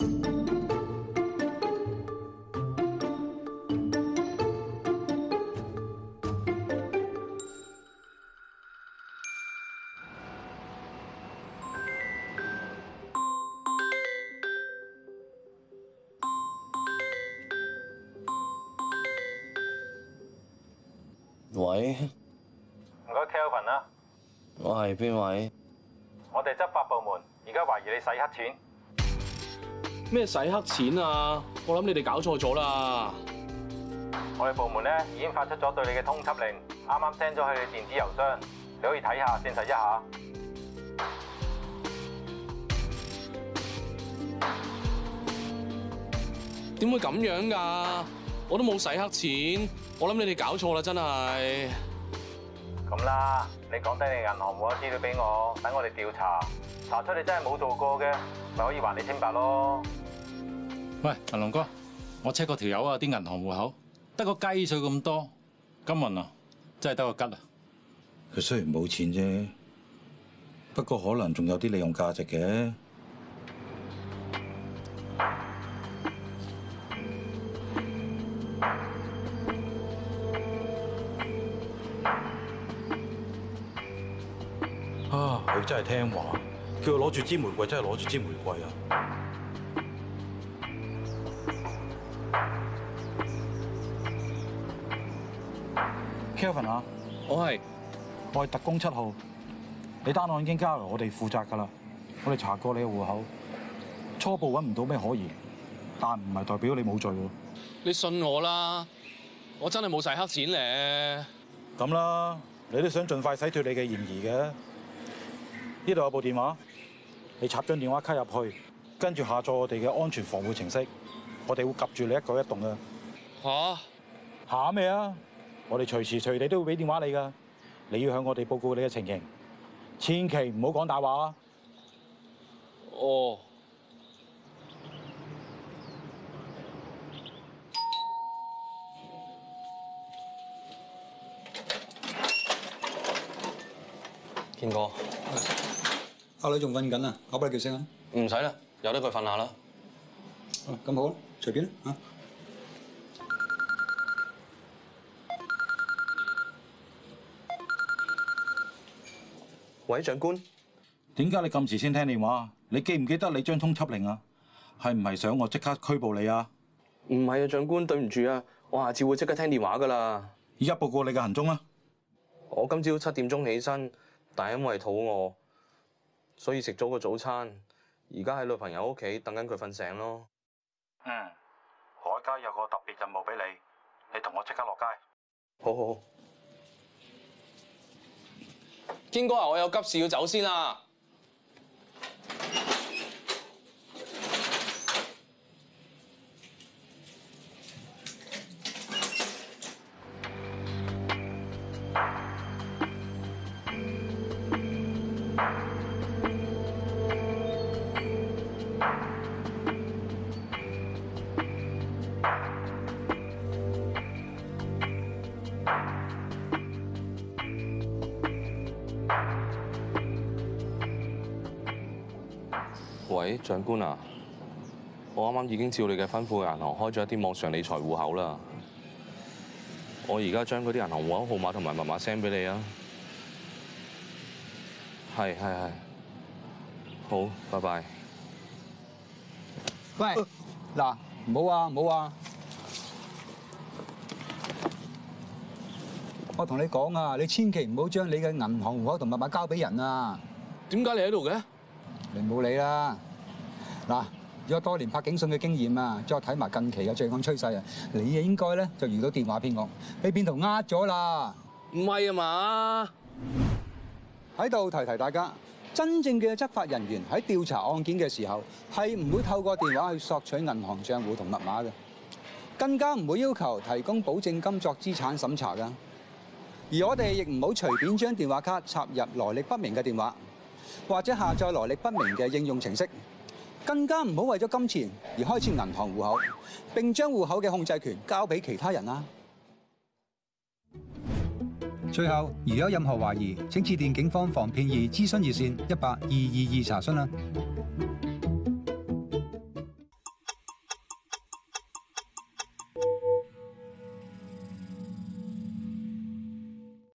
喂，唔該，Kelvin 啦。我係邊位？我哋執法部門而家懷疑你洗黑錢。咩洗黑錢啊！我諗你哋搞錯咗啦。我哋部門咧已經發出咗對你嘅通緝令，啱啱 send 咗去你電子郵箱，你可以睇下，證實一下。點會咁樣㗎？我都冇洗黑錢，我諗你哋搞錯啦，真係。咁啦，你講低你銀行戶口資料俾我，等我哋調查，查出你真係冇做過嘅，咪可以還你清白咯。喂，文龍哥，我 check 過條友啊，啲銀行戶口得個雞碎咁多，金文啊，真係得個吉啊！佢雖然冇錢啫，不過可能仲有啲利用價值嘅。佢真係聽話，叫佢攞住支玫瑰，真係攞住支玫瑰啊！Kevin 啊是，我係我係特工七號，你單案已經交由我哋負責㗎啦。我哋查過你嘅戶口，初步揾唔到咩可疑，但唔係代表你冇罪。你信我啦，我真係冇晒黑錢咧。咁啦，你都想盡快洗脫你嘅嫌疑嘅。呢度有部電話，你插張電話卡入去，跟住下載我哋嘅安全防護程式，我哋會夾住你一舉一動嘅。吓？吓咩啊？我哋隨時隨地都會俾電話你㗎，你要向我哋報告你嘅情形，千祈唔好講大話啊！哦。Oh. 見過阿、哎、女仲瞓緊啊！我幫你叫聲啊，唔使啦，由得佢瞓下啦。咁好啦，隨便啦嚇。啊、喂，長官，點解你咁遲先聽電話？你記唔記得你張通緝令啊？係唔係想我即刻拘捕你啊？唔係啊，長官，對唔住啊，我下次會即刻聽電話噶啦。而家報告你嘅行蹤啦。我今朝七點鐘起身。但係因為肚餓，所以食咗個早餐。而家喺女朋友屋企等緊佢瞓醒咯。嗯，海嘉有個特別任務畀你，你同我即刻落街。好好。好，堅哥啊，我有急事要走先啦。喂，長官啊，我啱啱已經照你嘅吩咐，去銀行開咗一啲網上理財戶口啦。我而家將嗰啲銀行戶口號碼同埋密碼 send 俾你啊。係係係，好，拜拜。喂，嗱、呃，冇啊冇啊，我同你講啊，你千祈唔好將你嘅銀行戶口同密碼交俾人啊。點解你喺度嘅？冇理啦，嗱，如果多年拍警訊嘅經驗啊，再睇埋近期嘅罪案趨勢啊，你應該咧就遇到電話騙案，俾騙徒呃咗啦，唔係啊嘛？喺度提提大家，真正嘅執法人員喺調查案件嘅時候，係唔會透過電話去索取銀行賬戶同密碼嘅，更加唔會要求提供保證金作資產審查噶。而我哋亦唔好隨便將電話卡插入來歷不明嘅電話。或者下載來歷不明嘅應用程式，更加唔好為咗金錢而開設銀行戶口，並將戶口嘅控制權交俾其他人啦。最後，如有任何懷疑，請致電警方防騙易諮詢熱線一八二二二查詢啦。